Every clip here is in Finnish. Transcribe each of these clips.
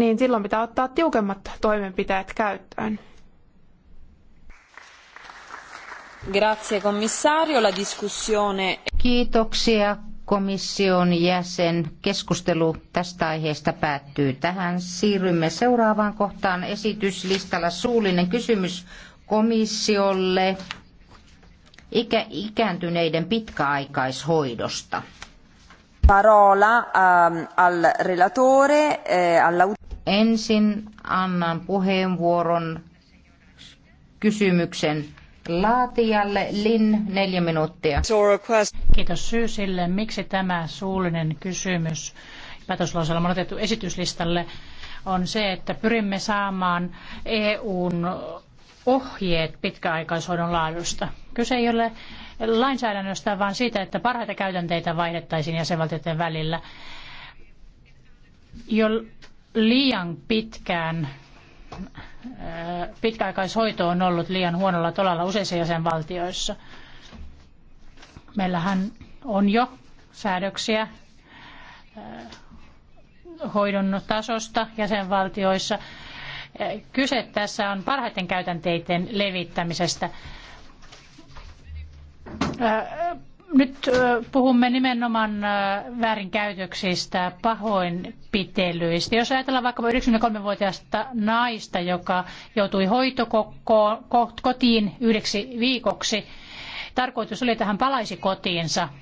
niin silloin pitää ottaa tiukemmat toimenpiteet käyttöön. Grazie commissario, la discussione. Kiitoksia komission jäsen. Keskustelu tästä aiheesta päättyy tähän. Siirrymme seuraavaan kohtaan esityslistalla suullinen kysymys komissiolle ikä, ikääntyneiden pitkäaikaishoidosta. Parola um, al relatore, eh, alla... Ensin annan puheenvuoron kysymyksen laatijalle. Lin, neljä minuuttia. Kiitos syy sille, miksi tämä suullinen kysymys päätöslauselma on otettu esityslistalle, on se, että pyrimme saamaan EUn ohjeet pitkäaikaishoidon laadusta. Kyse ei ole lainsäädännöstä, vaan siitä, että parhaita käytänteitä vaihdettaisiin jäsenvaltioiden välillä. Jo liian pitkään äh, pitkäaikaishoito on ollut liian huonolla tolalla useissa jäsenvaltioissa. Meillähän on jo säädöksiä äh, hoidon tasosta jäsenvaltioissa. Äh, kyse tässä on parhaiten käytänteiden levittämisestä nyt puhumme nimenomaan väärinkäytöksistä, pahoinpitelyistä. Jos ajatellaan vaikka 93-vuotiaasta naista, joka joutui hoitokotiin yhdeksi viikoksi, tarkoitus oli, että hän palaisi kotiinsa –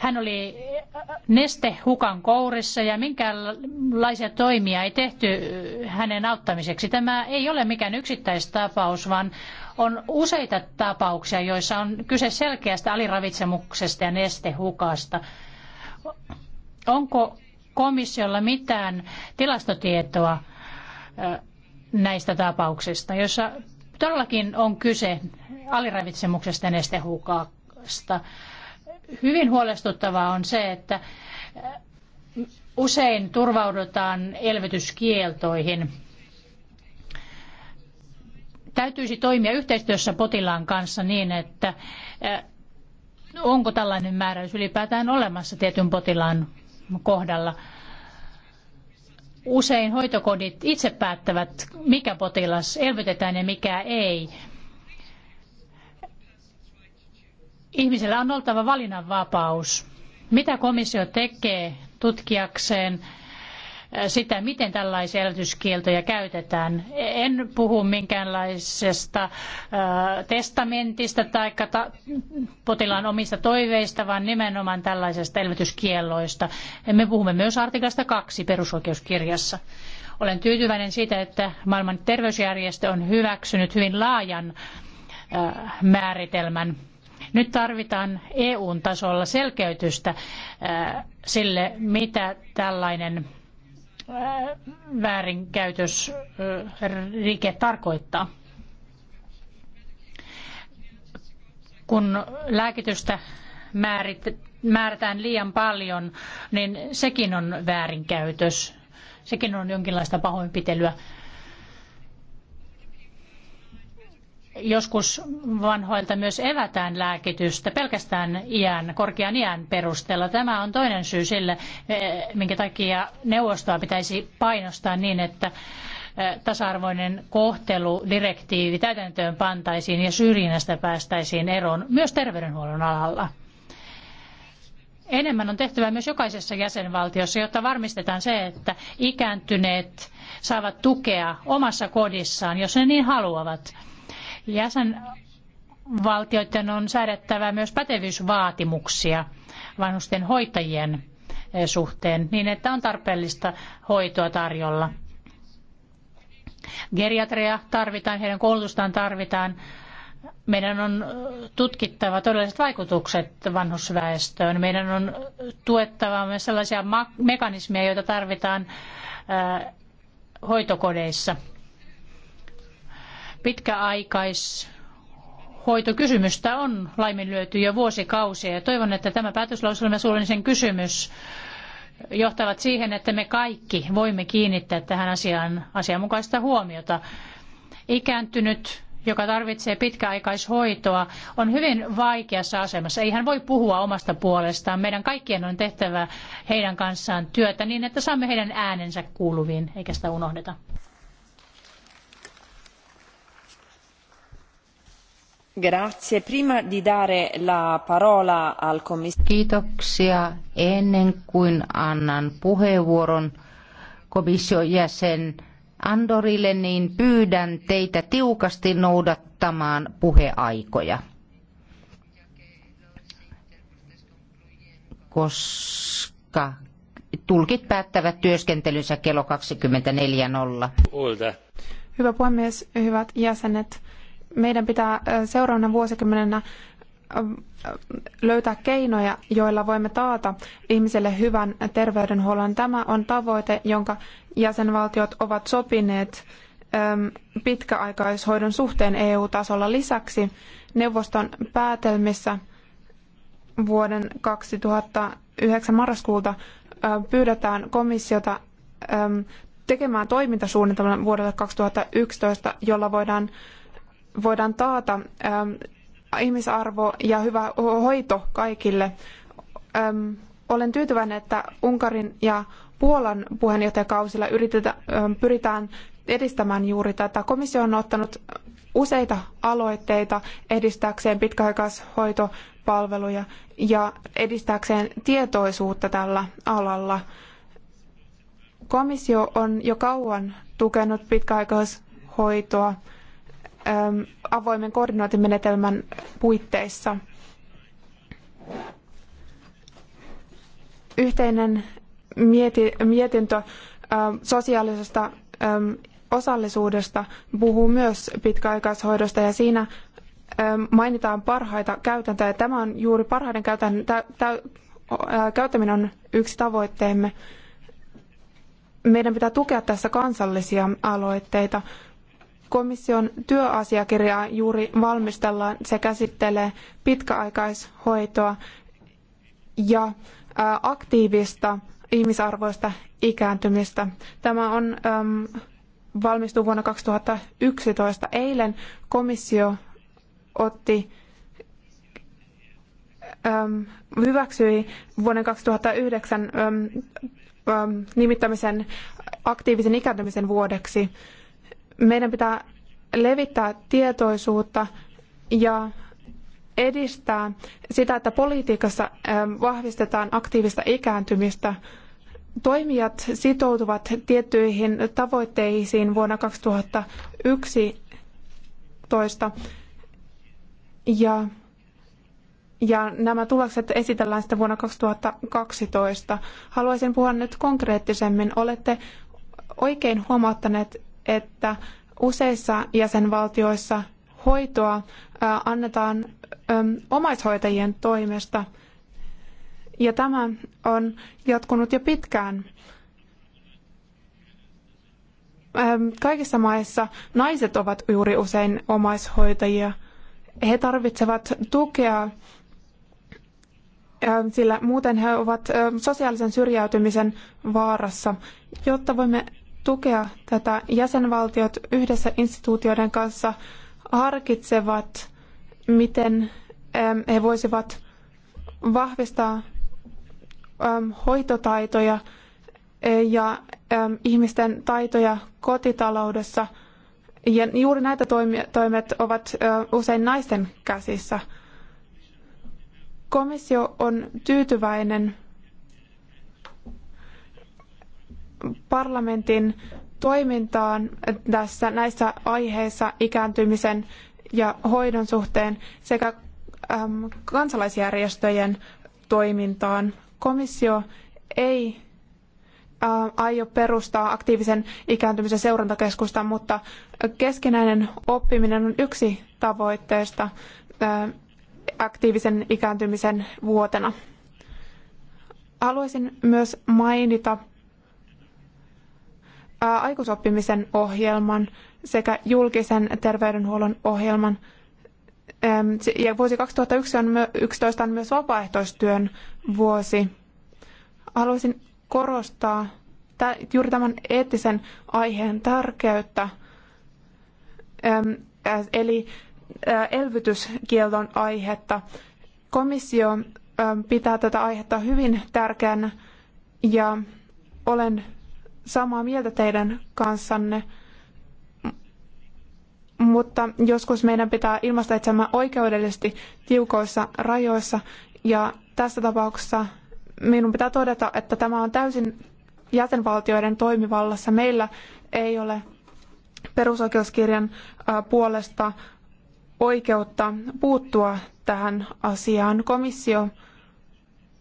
hän oli eh, nestehukan kourissa ja minkälaisia toimia ei tehty eh, hänen auttamiseksi. Tämä ei ole mikään yksittäistapaus, vaan on useita tapauksia, joissa on kyse selkeästä aliravitsemuksesta ja nestehukasta. Onko komissiolla mitään tilastotietoa eh, näistä tapauksista, joissa todellakin on kyse aliravitsemuksesta ja nestehukasta? Hyvin huolestuttavaa on se, että usein turvaudutaan elvytyskieltoihin. Täytyisi toimia yhteistyössä potilaan kanssa niin, että onko tällainen määräys ylipäätään olemassa tietyn potilaan kohdalla. Usein hoitokodit itse päättävät, mikä potilas elvytetään ja mikä ei. Ihmisellä on oltava valinnanvapaus. Mitä komissio tekee tutkiakseen sitä, miten tällaisia elvytyskieltoja käytetään. En puhu minkäänlaisesta testamentista tai potilaan omista toiveista, vaan nimenomaan tällaisesta elvytyskielloista. Me puhumme myös artiklasta 2 perusoikeuskirjassa. Olen tyytyväinen siitä, että maailman terveysjärjestö on hyväksynyt hyvin laajan määritelmän nyt tarvitaan EUn tasolla selkeytystä äh, sille, mitä tällainen äh, väärinkäytösrike tarkoittaa. Kun lääkitystä määrätään liian paljon, niin sekin on väärinkäytös. Sekin on jonkinlaista pahoinpitelyä. joskus vanhoilta myös evätään lääkitystä pelkästään iän, korkean iän perusteella. Tämä on toinen syy sille, eh, minkä takia neuvostoa pitäisi painostaa niin, että eh, tasa-arvoinen kohtelu direktiivi täytäntöön pantaisiin ja syrjinnästä päästäisiin eroon myös terveydenhuollon alalla. Enemmän on tehtävä myös jokaisessa jäsenvaltiossa, jotta varmistetaan se, että ikääntyneet saavat tukea omassa kodissaan, jos ne niin haluavat Jäsenvaltioiden on säädettävä myös pätevyysvaatimuksia vanhusten hoitajien eh, suhteen niin, että on tarpeellista hoitoa tarjolla. Geriatria tarvitaan, heidän koulutustaan tarvitaan. Meidän on eh, tutkittava todelliset vaikutukset vanhusväestöön. Meidän on tuettava myös sellaisia mekanismeja, joita tarvitaan eh, hoitokodeissa pitkäaikais hoitokysymystä on laiminlyöty jo vuosikausia ja toivon, että tämä päätöslauselma suullinen kysymys johtavat siihen, että me kaikki voimme kiinnittää tähän asiaan asianmukaista huomiota. Ikääntynyt, joka tarvitsee pitkäaikaishoitoa, on hyvin vaikeassa asemassa. Ei hän voi puhua omasta puolestaan. Meidän kaikkien on tehtävä heidän kanssaan työtä niin, että saamme heidän äänensä kuuluviin, eikä sitä unohdeta. Kiitoksia. Ennen kuin annan puheenvuoron komission jäsen Andorille, niin pyydän teitä tiukasti noudattamaan puheaikoja. Koska tulkit päättävät työskentelynsä kello 24.00. Hyvä puhemies, hyvät jäsenet meidän pitää seuraavana vuosikymmenenä löytää keinoja, joilla voimme taata ihmiselle hyvän terveydenhuollon. Tämä on tavoite, jonka jäsenvaltiot ovat sopineet pitkäaikaishoidon suhteen EU-tasolla. Lisäksi neuvoston päätelmissä vuoden 2009 marraskuulta pyydetään komissiota tekemään toimintasuunnitelman vuodelle 2011, jolla voidaan voidaan taata ähm, ihmisarvo ja hyvä hoito kaikille. Ähm, olen tyytyväinen, että Unkarin ja Puolan puheenjohtajakausilla yritetä, ähm, pyritään edistämään juuri tätä. Komissio on ottanut useita aloitteita edistääkseen pitkäaikaishoitopalveluja ja edistääkseen tietoisuutta tällä alalla. Komissio on jo kauan tukenut pitkäaikaishoitoa Ähm, avoimen koordinointimenetelmän puitteissa. Yhteinen mietintö ähm, sosiaalisesta ähm, osallisuudesta puhuu myös pitkäaikaishoidosta ja siinä mainitaan parhaita käytäntöjä. Tämä on juuri parhaiden äh, käyttäminen on yksi tavoitteemme. Meidän pitää tukea tässä kansallisia aloitteita. Komission työasiakirjaa juuri valmistellaan. Se käsittelee pitkäaikaishoitoa ja aktiivista ihmisarvoista ikääntymistä. Tämä on äm, valmistuu vuonna 2011. Eilen komissio otti äm, hyväksyi vuoden 2009 äm, äm, nimittämisen aktiivisen ikääntymisen vuodeksi. Meidän pitää levittää tietoisuutta ja edistää sitä, että politiikassa ähm, vahvistetaan aktiivista ikääntymistä. Toimijat sitoutuvat tiettyihin tavoitteisiin vuonna 2011 ja, ja nämä tulokset esitellään sitten vuonna 2012. Haluaisin puhua nyt konkreettisemmin. Olette oikein huomauttaneet että useissa jäsenvaltioissa hoitoa annetaan omaishoitajien toimesta. Ja tämä on jatkunut jo pitkään. Kaikissa maissa naiset ovat juuri usein omaishoitajia. He tarvitsevat tukea, sillä muuten he ovat sosiaalisen syrjäytymisen vaarassa. Jotta voimme tukea tätä. Jäsenvaltiot yhdessä instituutioiden kanssa harkitsevat, miten ähm, he voisivat vahvistaa ähm, hoitotaitoja äh, ja ähm, ihmisten taitoja kotitaloudessa. Ja juuri näitä toimet ovat äh, usein naisten käsissä. Komissio on tyytyväinen parlamentin toimintaan tässä näissä aiheissa ikääntymisen ja hoidon suhteen sekä kansalaisjärjestöjen toimintaan. Komissio ei äh, aio perustaa aktiivisen ikääntymisen seurantakeskusta, mutta keskinäinen oppiminen on yksi tavoitteista äh, aktiivisen ikääntymisen vuotena. Haluaisin myös mainita aikuisoppimisen ohjelman sekä julkisen terveydenhuollon ohjelman. Ja vuosi 2011 on myös vapaaehtoistyön vuosi. Haluaisin korostaa juuri tämän eettisen aiheen tärkeyttä, eli elvytyskielon aihetta. Komissio pitää tätä aihetta hyvin tärkeänä ja olen samaa mieltä teidän kanssanne, mutta joskus meidän pitää ilmaista itsemme oikeudellisesti tiukoissa rajoissa. Ja tässä tapauksessa minun pitää todeta, että tämä on täysin jäsenvaltioiden toimivallassa. Meillä ei ole perusoikeuskirjan puolesta oikeutta puuttua tähän asiaan. Komissio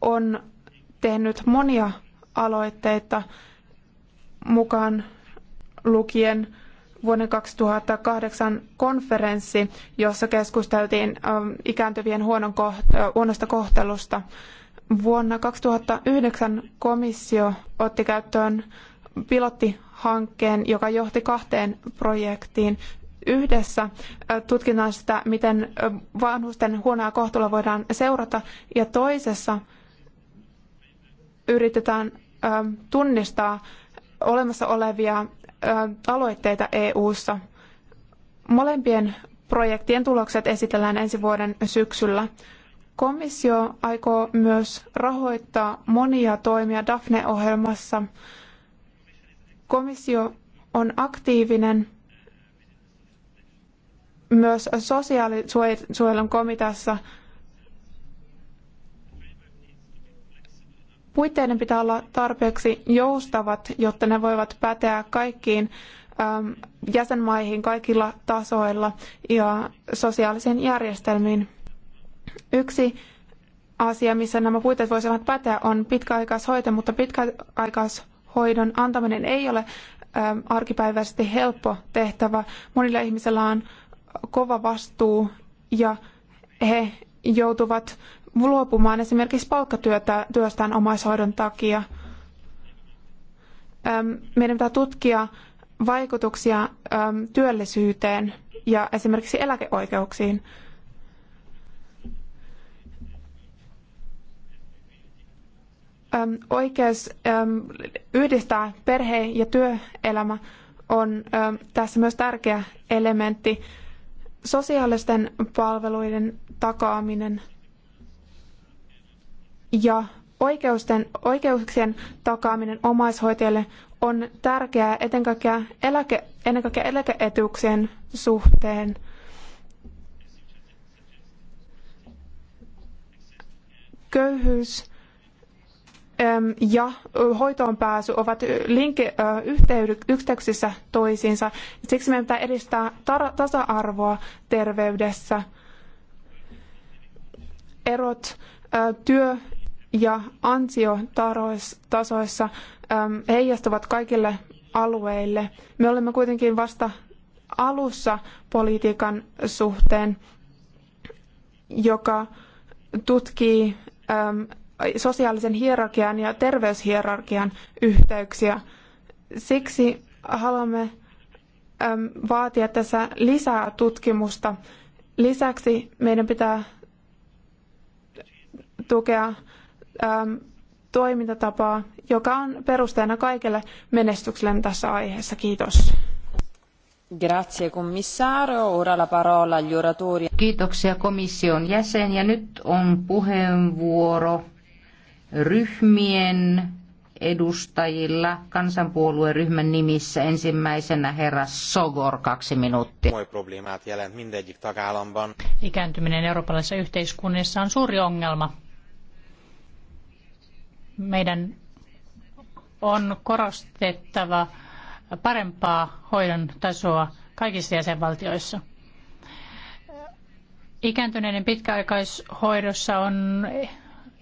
on tehnyt monia aloitteita mukaan lukien vuoden 2008 konferenssi, jossa keskusteltiin ähm, ikääntyvien äh, huonosta kohtelusta. Vuonna 2009 komissio otti käyttöön pilottihankkeen, joka johti kahteen projektiin. Yhdessä äh, tutkitaan sitä, miten äh, vanhusten huonoa kohtelua voidaan seurata, ja toisessa yritetään ähm, tunnistaa olemassa olevia aloitteita EU:ssa. Molempien projektien tulokset esitellään ensi vuoden syksyllä. Komissio aikoo myös rahoittaa monia toimia Daphne-ohjelmassa. Komissio on aktiivinen myös sosiaalisuojelun komiteassa Puitteiden pitää olla tarpeeksi joustavat, jotta ne voivat päteä kaikkiin ähm, jäsenmaihin kaikilla tasoilla ja sosiaalisiin järjestelmiin. Yksi asia, missä nämä puitteet voisivat päteä, on pitkäaikaishoito, mutta pitkäaikaishoidon antaminen ei ole ähm, arkipäiväisesti helppo tehtävä. Monilla ihmisillä on kova vastuu ja he joutuvat luopumaan esimerkiksi palkkatyöstään omaishoidon takia. Meidän pitää tutkia vaikutuksia työllisyyteen ja esimerkiksi eläkeoikeuksiin. Oikeus yhdistää perhe- ja työelämä on tässä myös tärkeä elementti. Sosiaalisten palveluiden takaaminen – ja oikeusten, oikeuksien takaaminen omaishoitajille on tärkeää etenkin kaikkea eläke, ennen kaikkea eläkeetuuksien suhteen. Köyhyys ja hoitoon pääsy ovat linkki, yhteyksissä toisiinsa. Siksi meidän pitää edistää tasa-arvoa terveydessä. Erot työ- ja ansiotasoissa ähm, heijastuvat kaikille alueille. Me olemme kuitenkin vasta alussa politiikan suhteen, joka tutkii ähm, sosiaalisen hierarkian ja terveyshierarkian yhteyksiä. Siksi haluamme ähm, vaatia tässä lisää tutkimusta. Lisäksi meidän pitää tukea Ähm, toimintatapaa, joka on perusteena kaikelle menestykselle tässä aiheessa. Kiitos. Grazie commissario. Ora la parola agli oratori. Kiitoksia komission jäsen ja nyt on puheenvuoro ryhmien edustajilla kansanpuolueryhmän nimissä ensimmäisenä herra Sogor kaksi minuuttia. Ikääntyminen eurooppalaisessa yhteiskunnassa on suuri ongelma meidän on korostettava parempaa hoidon tasoa kaikissa jäsenvaltioissa. Ikääntyneiden pitkäaikaishoidossa on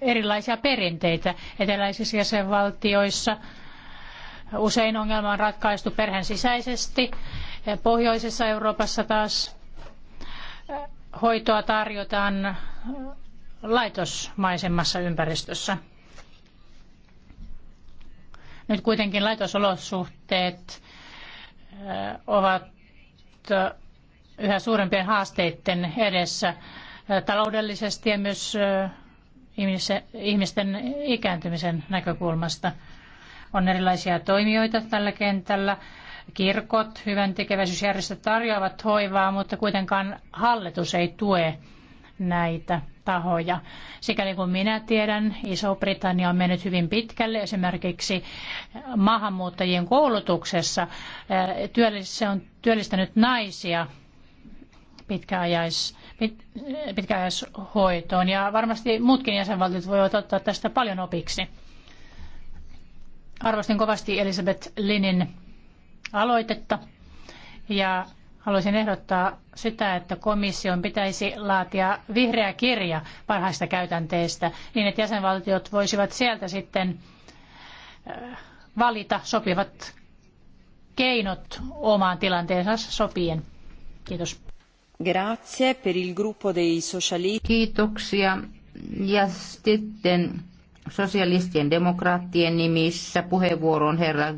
erilaisia perinteitä. Eteläisissä jäsenvaltioissa usein ongelma on ratkaistu perheen sisäisesti. Pohjoisessa Euroopassa taas hoitoa tarjotaan laitosmaisemmassa ympäristössä. Nyt kuitenkin laitosolosuhteet ovat yhä suurempien haasteiden edessä taloudellisesti ja myös ihmisten ikääntymisen näkökulmasta. On erilaisia toimijoita tällä kentällä. Kirkot, hyvän tekeväisyysjärjestöt tarjoavat hoivaa, mutta kuitenkaan hallitus ei tue näitä tahoja. Sikäli kuin minä tiedän, Iso-Britannia on mennyt hyvin pitkälle esimerkiksi maahanmuuttajien koulutuksessa. Se on työllistänyt naisia pitkäaikaishoitoon pitkäajaishoitoon ja varmasti muutkin jäsenvaltiot voivat ottaa tästä paljon opiksi. Arvostin kovasti Elisabeth Linin aloitetta ja Haluaisin ehdottaa sitä, että komission pitäisi laatia vihreä kirja parhaista käytänteistä niin, että jäsenvaltiot voisivat sieltä sitten äh, valita sopivat keinot omaan tilanteensa sopien. Kiitos. Grazie per il gruppo dei socialisti. Kiitoksia. Ja sitten sosialistien demokraattien nimissä puheenvuoron herra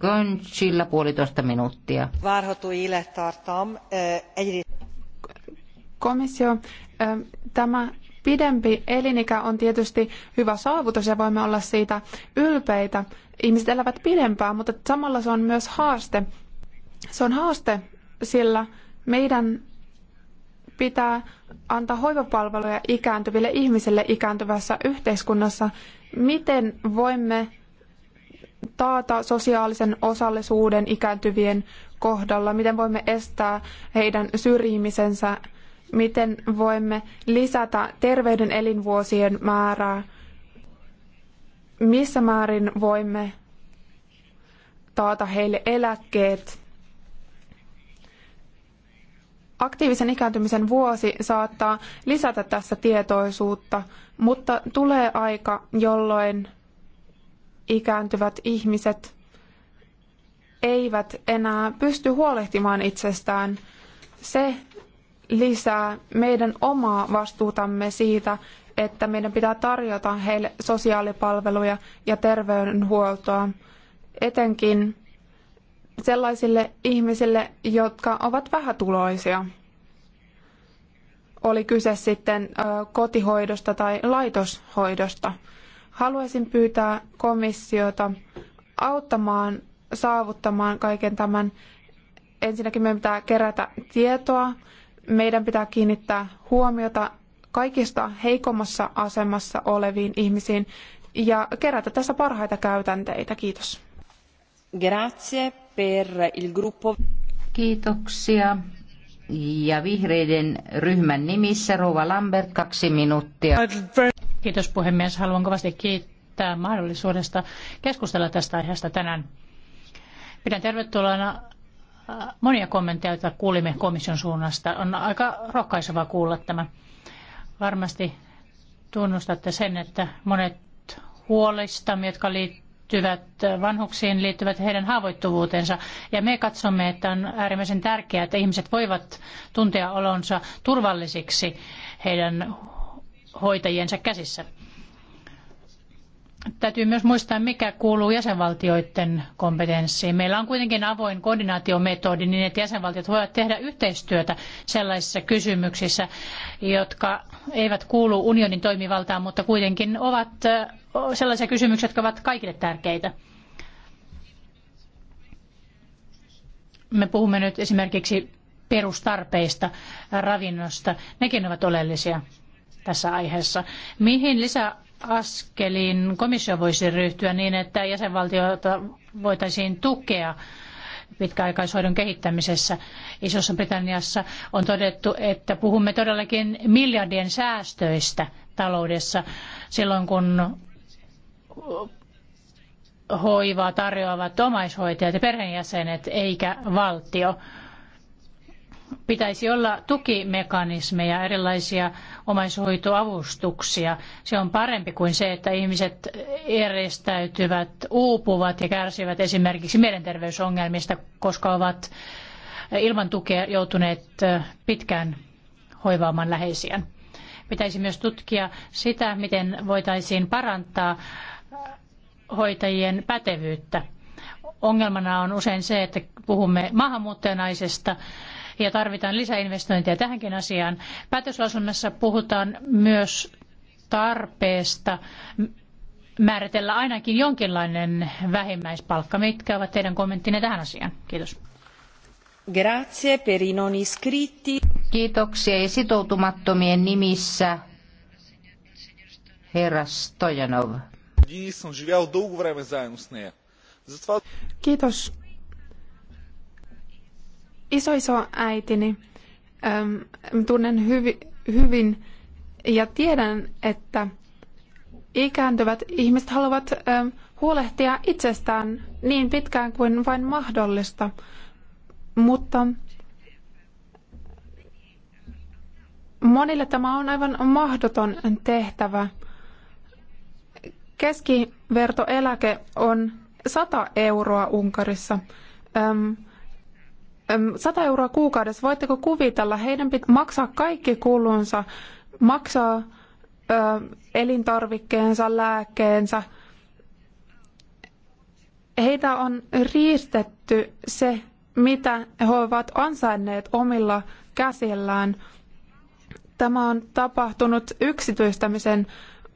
Gönchillä puolitoista minuuttia. Eh, Komissio, eh, tämä pidempi elinikä on tietysti hyvä saavutus ja voimme olla siitä ylpeitä. Ihmiset elävät pidempään, mutta samalla se on myös haaste. Se on haaste, sillä meidän pitää antaa hoivapalveluja ikääntyville ihmisille ikääntyvässä yhteiskunnassa. Miten voimme taata sosiaalisen osallisuuden ikääntyvien kohdalla, miten voimme estää heidän syrjimisensä, miten voimme lisätä terveyden elinvuosien määrää, missä määrin voimme taata heille eläkkeet. Aktiivisen ikääntymisen vuosi saattaa lisätä tässä tietoisuutta, mutta tulee aika, jolloin ikääntyvät ihmiset eivät enää pysty huolehtimaan itsestään. Se lisää meidän omaa vastuutamme siitä, että meidän pitää tarjota heille sosiaalipalveluja ja terveydenhuoltoa, etenkin sellaisille ihmisille, jotka ovat vähätuloisia. Oli kyse sitten kotihoidosta tai laitoshoidosta. Haluaisin pyytää komissiota auttamaan saavuttamaan kaiken tämän. Ensinnäkin meidän pitää kerätä tietoa, meidän pitää kiinnittää huomiota kaikista heikommassa asemassa oleviin ihmisiin ja kerätä tässä parhaita käytänteitä. Kiitos. Grazie per il gruppo. Kiitoksia. Ja vihreiden ryhmän nimissä Rova Lambert, kaksi minuuttia. Kiitos puhemies. Haluan kovasti kiittää mahdollisuudesta keskustella tästä aiheesta tänään. Pidän tervetuloa äh, monia kommentteja, joita kuulimme komission suunnasta. On aika rohkaisevaa kuulla tämä. Varmasti tunnustatte sen, että monet huolista, jotka liittyvät vanhuksiin, liittyvät heidän haavoittuvuutensa. Ja me katsomme, että on äärimmäisen tärkeää, että ihmiset voivat tuntea olonsa turvallisiksi heidän hoitajiensa käsissä. Täytyy myös muistaa, mikä kuuluu jäsenvaltioiden kompetenssiin. Meillä on kuitenkin avoin koordinaatiometodi niin, että jäsenvaltiot voivat tehdä yhteistyötä sellaisissa kysymyksissä, jotka eivät kuulu unionin toimivaltaan, mutta kuitenkin ovat sellaisia kysymyksiä, jotka ovat kaikille tärkeitä. Me puhumme nyt esimerkiksi perustarpeista, ravinnosta. Nekin ovat oleellisia tässä aiheessa. Mihin lisäaskeliin komissio voisi ryhtyä niin, että jäsenvaltioita voitaisiin tukea pitkäaikaishoidon kehittämisessä Isossa Britanniassa on todettu, että puhumme todellakin miljardien säästöistä taloudessa silloin, kun hoivaa tarjoavat omaishoitajat ja perheenjäsenet eikä valtio pitäisi olla tukimekanismeja, erilaisia omaishoitoavustuksia. Se on parempi kuin se, että ihmiset eristäytyvät, uupuvat ja kärsivät esimerkiksi mielenterveysongelmista, koska ovat ilman tukea joutuneet pitkään hoivaamaan läheisiään. Pitäisi myös tutkia sitä, miten voitaisiin parantaa hoitajien pätevyyttä. Ongelmana on usein se, että puhumme maahanmuuttajanaisesta ja tarvitaan lisäinvestointeja tähänkin asiaan. Päätöslauselmassa puhutaan myös tarpeesta määritellä ainakin jonkinlainen vähimmäispalkka. Mitkä ovat teidän kommenttinne tähän asiaan? Kiitos. Grazie per i non iscritti. Kiitoksia ja sitoutumattomien nimissä herra Stojanov. Kiitos äitini. äm, tunnen hyvi, hyvin ja tiedän, että ikääntyvät ihmiset haluavat äm, huolehtia itsestään niin pitkään kuin vain mahdollista, mutta monille tämä on aivan mahdoton tehtävä. Keskivertoeläke on 100 euroa Unkarissa. Äm, 100 euroa kuukaudessa. Voitteko kuvitella, heidän pitää maksaa kaikki kulunsa, maksaa ö, elintarvikkeensa, lääkkeensä. Heitä on riistetty se, mitä he ovat ansainneet omilla käsillään. Tämä on tapahtunut yksityistämisen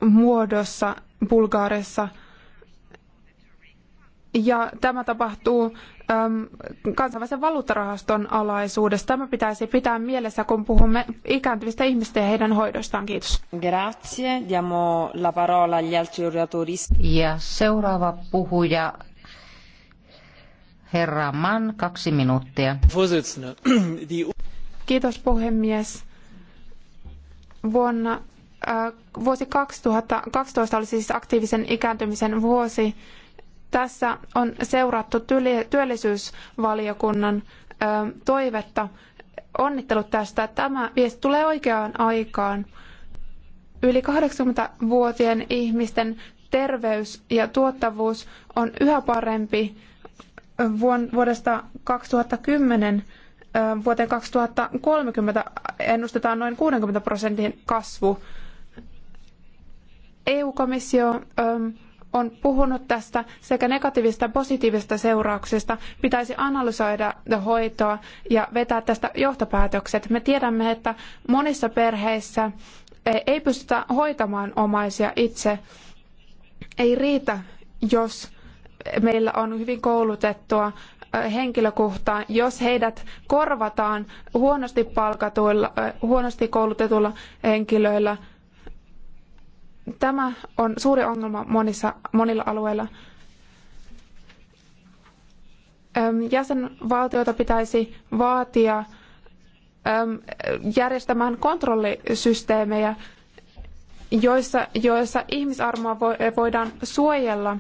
muodossa Bulgaarissa. Ja tämä tapahtuu Ähm, kansainvälisen valuuttarahaston alaisuudesta. Tämä pitäisi pitää mielessä, kun puhumme ikääntyvistä ihmistä ja heidän hoidostaan. Kiitos. Grazie. Diamo la parola agli altri oratori. Ja seuraava puhuja, herra Mann, kaksi minuuttia. Kiitos puhemies. Vuonna, äh, vuosi 2012 oli siis aktiivisen ikääntymisen vuosi. Tässä on seurattu työllisyysvaliokunnan toivetta. Onnittelut tästä. Tämä viesti tulee oikeaan aikaan. Yli 80-vuotiaiden ihmisten terveys ja tuottavuus on yhä parempi vuodesta 2010 vuoteen 2030 ennustetaan noin 60 prosentin kasvu. EU-komissio on puhunut tästä sekä negatiivista että positiivista seurauksista. Pitäisi analysoida hoitoa ja vetää tästä johtopäätökset. Me tiedämme, että monissa perheissä e, ei pystytä hoitamaan omaisia itse. Ei riitä, jos meillä on hyvin koulutettua e, henkilökuntaa, jos heidät korvataan huonosti palkatuilla, e, huonosti koulutetuilla henkilöillä – Tämä on suuri ongelma monissa, monilla alueilla. Jäsenvaltioita pitäisi vaatia järjestämään kontrollisysteemejä, joissa, joissa ihmisarmoa voidaan suojella.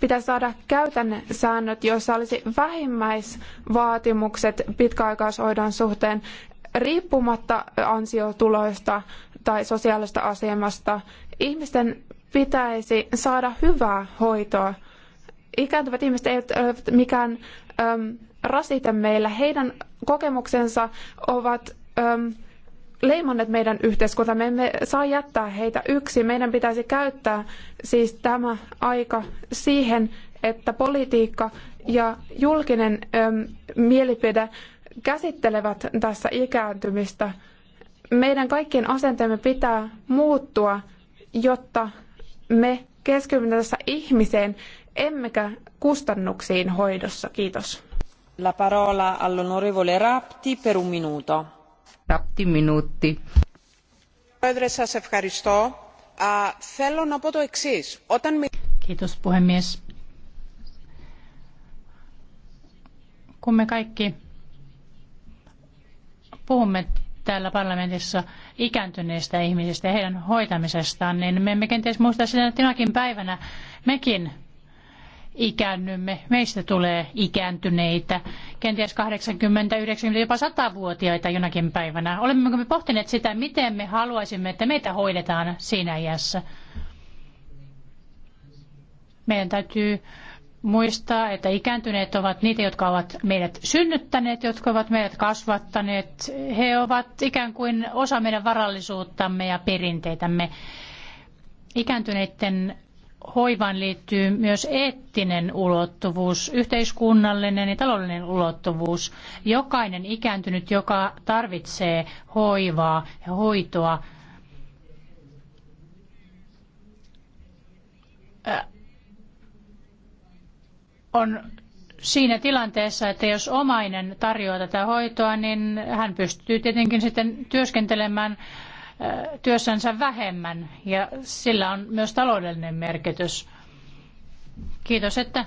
Pitäisi saada käytännön säännöt, joissa olisi vähimmäisvaatimukset pitkäaikaishoidon suhteen riippumatta ansiotuloista tai sosiaalista asemasta. Ihmisten pitäisi saada hyvää hoitoa. Ikääntyvät ihmiset eivät ole mikään äm, rasite meillä. Heidän kokemuksensa ovat äm, leimanneet meidän yhteiskunta. Me emme saa jättää heitä yksin. Meidän pitäisi käyttää siis tämä aika siihen, että politiikka ja julkinen äm, mielipide käsittelevät tässä ikääntymistä meidän kaikkien asenteemme pitää muuttua, jotta me keskitymme tässä ihmiseen, emmekä kustannuksiin hoidossa. Kiitos. La parola all'onorevole Rapti per un minuto. Rapti minuutti. Πρόεδρε, σας ευχαριστώ. Α, θέλω να πω το εξής. Όταν... Kiitos puhemies. Kun me kaikki puhumme täällä parlamentissa ikääntyneistä ihmisistä ja heidän hoitamisestaan, niin me emme kenties muista sitä, että jonakin päivänä mekin ikäännymme, meistä tulee ikääntyneitä, kenties 80, 90, jopa 100-vuotiaita jonakin päivänä. Olemmeko me pohtineet sitä, miten me haluaisimme, että meitä hoidetaan siinä iässä? Meidän täytyy muistaa, että ikääntyneet ovat niitä, jotka ovat meidät synnyttäneet, jotka ovat meidät kasvattaneet. He ovat ikään kuin osa meidän varallisuuttamme ja perinteitämme. Ikääntyneiden hoivaan liittyy myös eettinen ulottuvuus, yhteiskunnallinen ja taloudellinen ulottuvuus. Jokainen ikääntynyt, joka tarvitsee hoivaa ja hoitoa, on siinä tilanteessa, että jos omainen tarjoaa tätä hoitoa, niin hän pystyy tietenkin sitten työskentelemään äh, työssänsä vähemmän ja sillä on myös taloudellinen merkitys. Kiitos, että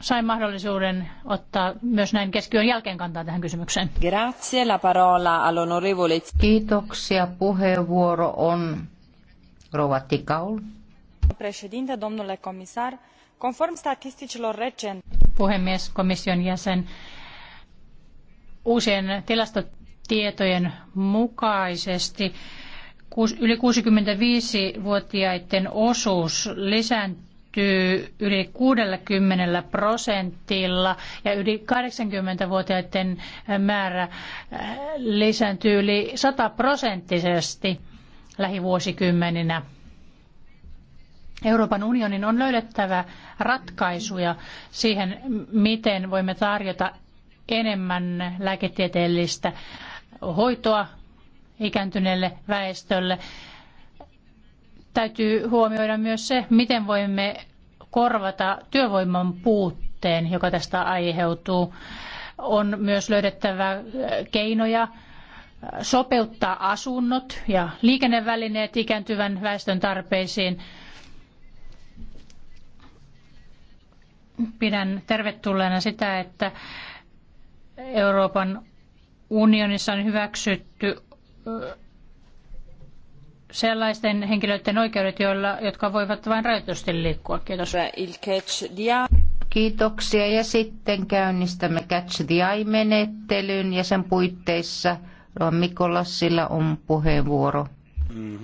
sain mahdollisuuden ottaa myös näin keskiön jälkeen kantaa tähän kysymykseen. Grazie, la parola all'onorevole. Kiitoksia. Puheenvuoro on Rouva Tikaul. domnule comisar, Conform statisticilor recent... Puhemies, komission jäsen. Uusien tilastotietojen mukaisesti yli 65-vuotiaiden osuus lisääntyy yli 60 prosentilla ja yli 80-vuotiaiden määrä äh, lisääntyy yli 100 prosenttisesti lähivuosikymmeninä. Euroopan unionin on löydettävä ratkaisuja siihen, miten voimme tarjota enemmän lääketieteellistä hoitoa ikääntyneelle väestölle. Täytyy huomioida myös se, miten voimme korvata työvoiman puutteen, joka tästä aiheutuu. On myös löydettävä keinoja sopeuttaa asunnot ja liikennevälineet ikääntyvän väestön tarpeisiin. Pidän tervetulleena sitä, että Euroopan unionissa on hyväksytty sellaisten henkilöiden oikeudet, joilla, jotka voivat vain rajoitusten liikkua. Kiitos. Kiitoksia ja sitten käynnistämme Catch the Eye-menettelyn ja sen puitteissa Mikolasilla on puheenvuoro. Mm,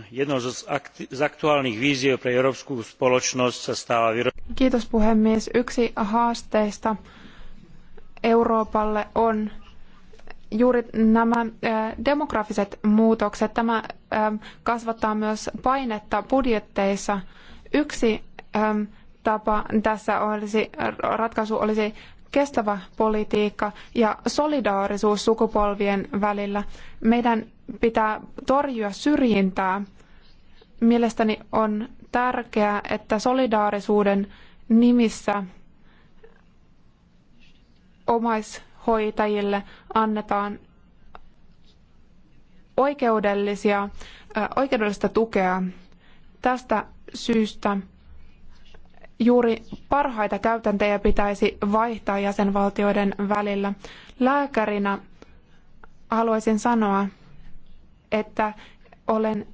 Kiitos puhemies. Yksi haasteista Euroopalle on juuri nämä demografiset muutokset. Tämä kasvattaa myös painetta budjetteissa. Yksi tapa tässä olisi, ratkaisu olisi kestävä politiikka ja solidaarisuus sukupolvien välillä. Meidän pitää torjua syrjintää. Mielestäni on tärkeää, että solidaarisuuden nimissä omaishoitajille annetaan oikeudellisia, oikeudellista tukea. Tästä syystä juuri parhaita käytäntöjä pitäisi vaihtaa jäsenvaltioiden välillä. Lääkärinä haluaisin sanoa, että olen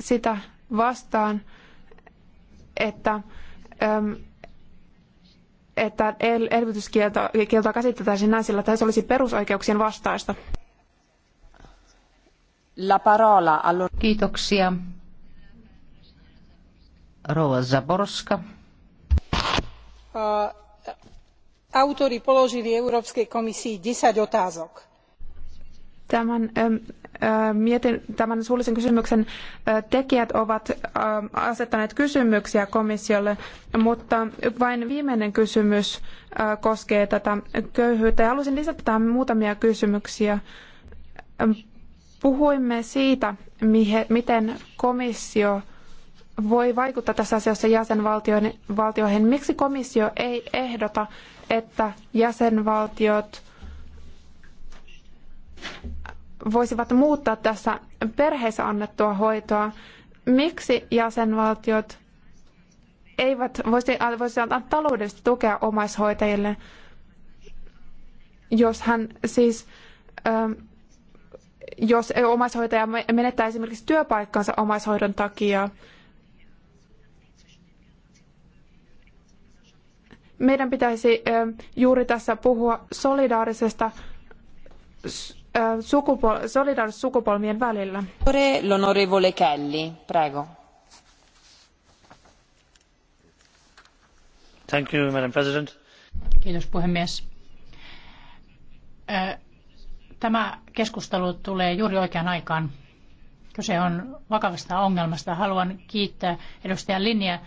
sitä vastaan, että, että el- elvytyskieltoa käsiteltäisiin näin, sillä että se olisi perusoikeuksien vastaista. La parola allo... Kiitoksia. Rova Zaborska. Uh, autori položili Európskej komisii 10 otázok Tämän, ähm, äh, mietin, tämän suullisen kysymyksen äh, tekijät ovat äh, asettaneet kysymyksiä komissiolle, mutta vain viimeinen kysymys koskee tätä köyhyyttä. Ja haluaisin lisätä tähän muutamia kysymyksiä. Ähm, puhuimme siitä, miten komissio voi vaikuttaa tässä asiassa jäsenvaltioihin. Miksi komissio ei ehdota, että jäsenvaltiot voisivat muuttaa tässä perheessä annettua hoitoa. Miksi jäsenvaltiot eivät voisi, voisi antaa taloudellista tukea omaishoitajille, jos hän siis ähm, jos omaishoitaja menettää esimerkiksi työpaikkansa omaishoidon takia. Meidän pitäisi ähm, juuri tässä puhua solidaarisesta sukupol- solidaarisuus sukupolvien välillä. Kelly, prego. Thank you, Madam President. Kiitos puhemies. Tämä keskustelu tulee juuri oikeaan aikaan. Kyse on vakavasta ongelmasta. Haluan kiittää edustaja Linjaa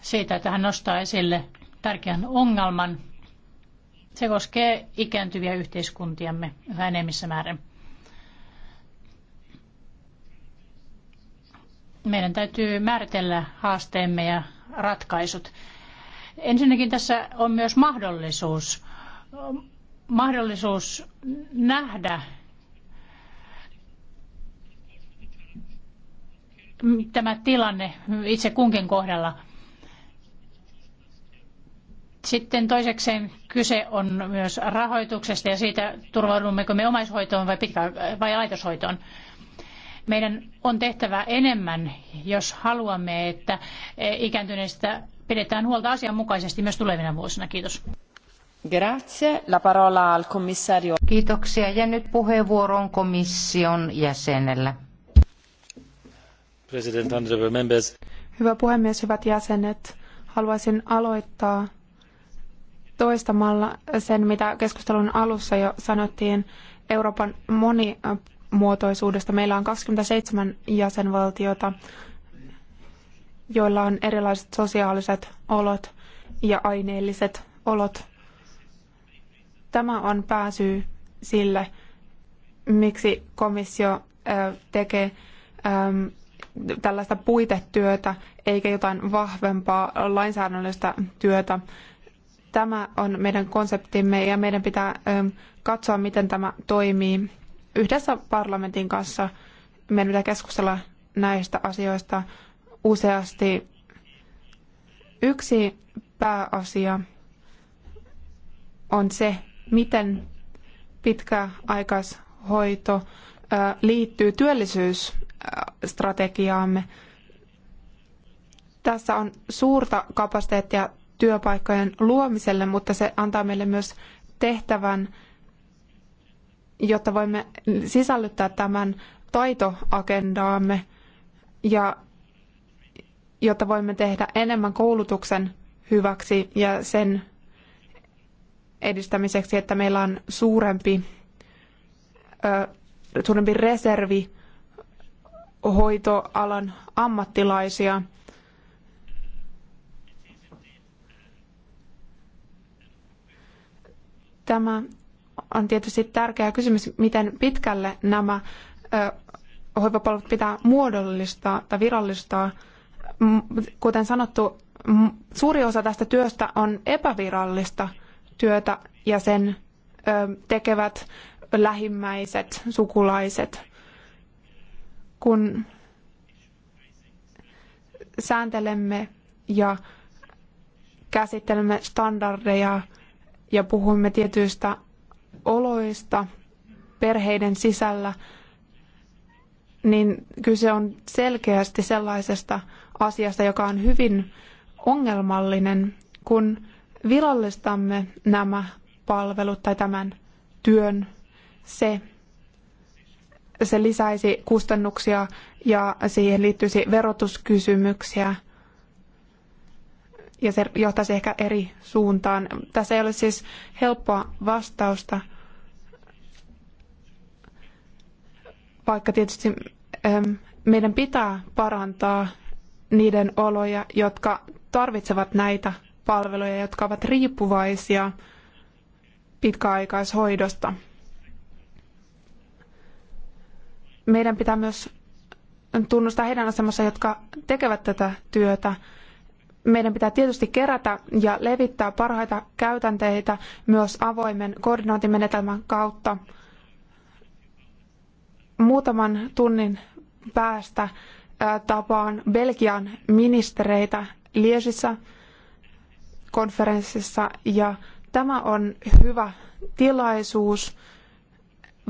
siitä, että hän nostaa esille tärkeän ongelman – se koskee ikääntyviä yhteiskuntiamme yhä enemmissä määrin. Meidän täytyy määritellä haasteemme ja ratkaisut. Ensinnäkin tässä on myös mahdollisuus, mahdollisuus nähdä tämä tilanne itse kunkin kohdalla. Sitten toisekseen kyse on myös rahoituksesta ja siitä, turvaudummeko me omaishoitoon vai, pitkä, vai laitoshoitoon. Meidän on tehtävä enemmän, jos haluamme, että e, ikääntyneistä pidetään huolta asianmukaisesti myös tulevina vuosina. Kiitos. Grazie. La parola al commissario. Kiitoksia. Ja nyt puheenvuoro on komission jäsenellä. President, members. Hyvä puhemies, hyvät jäsenet. Haluaisin aloittaa toistamalla sen, mitä keskustelun alussa jo sanottiin Euroopan monimuotoisuudesta. Meillä on 27 jäsenvaltiota, joilla on erilaiset sosiaaliset olot ja aineelliset olot. Tämä on pääsyy sille, miksi komissio tekee tällaista puitetyötä eikä jotain vahvempaa lainsäädännöllistä työtä Tämä on meidän konseptimme ja meidän pitää ähm, katsoa, miten tämä toimii yhdessä parlamentin kanssa. Meidän pitää keskustella näistä asioista useasti. Yksi pääasia on se, miten pitkäaikaishoito äh, liittyy työllisyysstrategiaamme. Tässä on suurta kapasiteettia työpaikkojen luomiselle, mutta se antaa meille myös tehtävän, jotta voimme sisällyttää tämän taitoagendaamme ja jotta voimme tehdä enemmän koulutuksen hyväksi ja sen edistämiseksi, että meillä on suurempi, ö, suurempi reservi hoitoalan ammattilaisia – Tämä on tietysti tärkeä kysymys, miten pitkälle nämä hoivapalvelut pitää muodollistaa tai virallistaa. Kuten sanottu, suuri osa tästä työstä on epävirallista työtä ja sen tekevät lähimmäiset, sukulaiset. Kun sääntelemme ja käsittelemme standardeja ja puhuimme tietyistä oloista perheiden sisällä, niin kyse on selkeästi sellaisesta asiasta, joka on hyvin ongelmallinen, kun virallistamme nämä palvelut tai tämän työn. Se, se lisäisi kustannuksia ja siihen liittyisi verotuskysymyksiä – ja se johtaisi ehkä eri suuntaan. Tässä ei ole siis helppoa vastausta, vaikka tietysti ähm, meidän pitää parantaa niiden oloja, jotka tarvitsevat näitä palveluja, jotka ovat riippuvaisia pitkäaikaishoidosta. Meidän pitää myös tunnustaa heidän asemansa, jotka tekevät tätä työtä meidän pitää tietysti kerätä ja levittää parhaita käytänteitä myös avoimen koordinointimenetelmän kautta. Muutaman tunnin päästä tapaan Belgian ministereitä Liesissä konferenssissa ja tämä on hyvä tilaisuus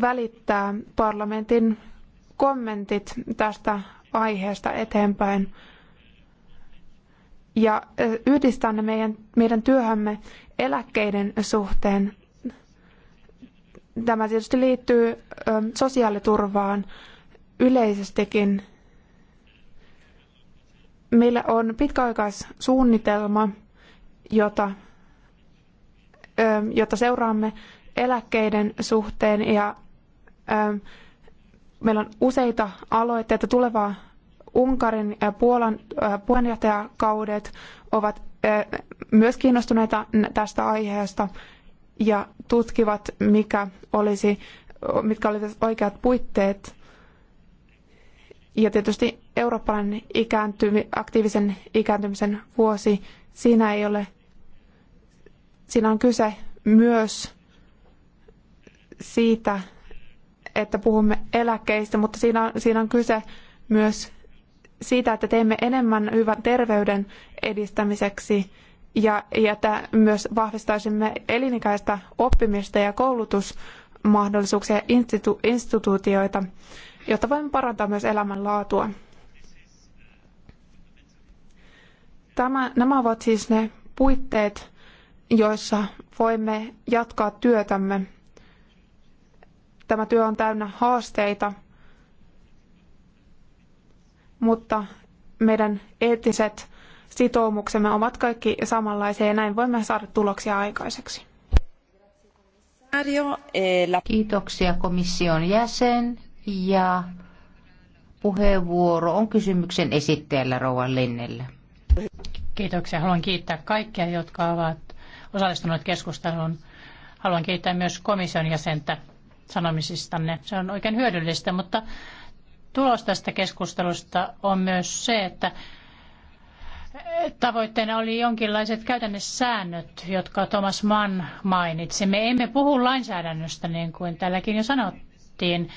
välittää parlamentin kommentit tästä aiheesta eteenpäin ja yhdistää ne meidän, meidän työhömme eläkkeiden suhteen. Tämä tietysti liittyy sosiaaliturvaan yleisestikin. Meillä on pitkäaikaissuunnitelma, jota, jota seuraamme eläkkeiden suhteen ja meillä on useita aloitteita tulevaa Unkarin ja Puolan äh, puheenjohtajakaudet ovat äh, myös kiinnostuneita tästä aiheesta ja tutkivat, mikä olisi, mitkä olisivat oikeat puitteet. Ja tietysti eurooppalainen ikääntymi, aktiivisen ikääntymisen vuosi, siinä ei ole, siinä on kyse myös siitä, että puhumme eläkkeistä, mutta siinä, on, siinä on kyse myös siitä, että teemme enemmän hyvän terveyden edistämiseksi ja, ja että myös vahvistaisimme elinikäistä oppimista ja koulutusmahdollisuuksia ja institu, instituutioita, jotta voimme parantaa myös elämänlaatua. Tämä, nämä ovat siis ne puitteet, joissa voimme jatkaa työtämme. Tämä työ on täynnä haasteita – mutta meidän eettiset sitoumuksemme ovat kaikki samanlaisia ja näin voimme saada tuloksia aikaiseksi. Kiitoksia komission jäsen ja puheenvuoro on kysymyksen esittäjällä Rouva Linnellä. Kiitoksia. Haluan kiittää kaikkia, jotka ovat osallistuneet keskusteluun. Haluan kiittää myös komission jäsentä sanomisistanne. Se on oikein hyödyllistä, mutta tulos tästä keskustelusta on myös se, että tavoitteena oli jonkinlaiset käytännössäännöt, jotka Thomas Mann mainitsi. Me emme puhu lainsäädännöstä, niin kuin tälläkin jo sanottiin.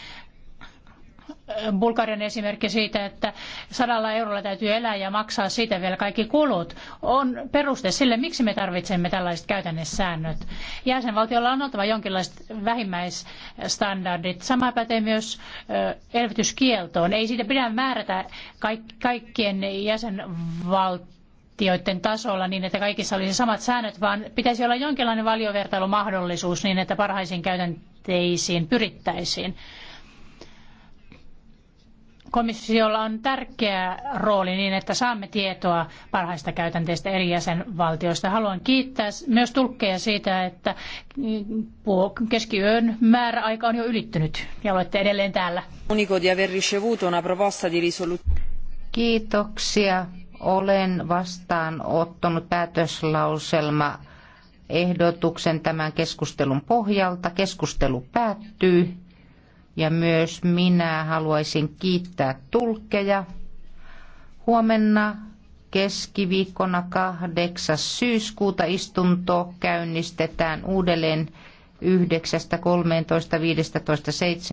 Bulgarian esimerkki siitä, että sadalla eurolla täytyy elää ja maksaa siitä vielä kaikki kulut, on peruste sille, miksi me tarvitsemme tällaiset säännöt. Jäsenvaltiolla on oltava jonkinlaiset vähimmäisstandardit. Sama pätee myös elvytyskieltoon. Ei siitä pidä määrätä kaikkien jäsenvaltioiden tasolla niin, että kaikissa olisi samat säännöt, vaan pitäisi olla jonkinlainen valiovertailumahdollisuus niin, että parhaisiin käytänteisiin pyrittäisiin komissiolla on tärkeä rooli niin, että saamme tietoa parhaista käytänteistä eri jäsenvaltioista. Haluan kiittää myös tulkkeja siitä, että keskiyön määräaika on jo ylittynyt ja olette edelleen täällä. Kiitoksia. Olen vastaan ottanut päätöslauselma ehdotuksen tämän keskustelun pohjalta. Keskustelu päättyy. Ja myös minä haluaisin kiittää tulkkeja. Huomenna keskiviikkona 8. syyskuuta istunto käynnistetään uudelleen 9.13.15.17.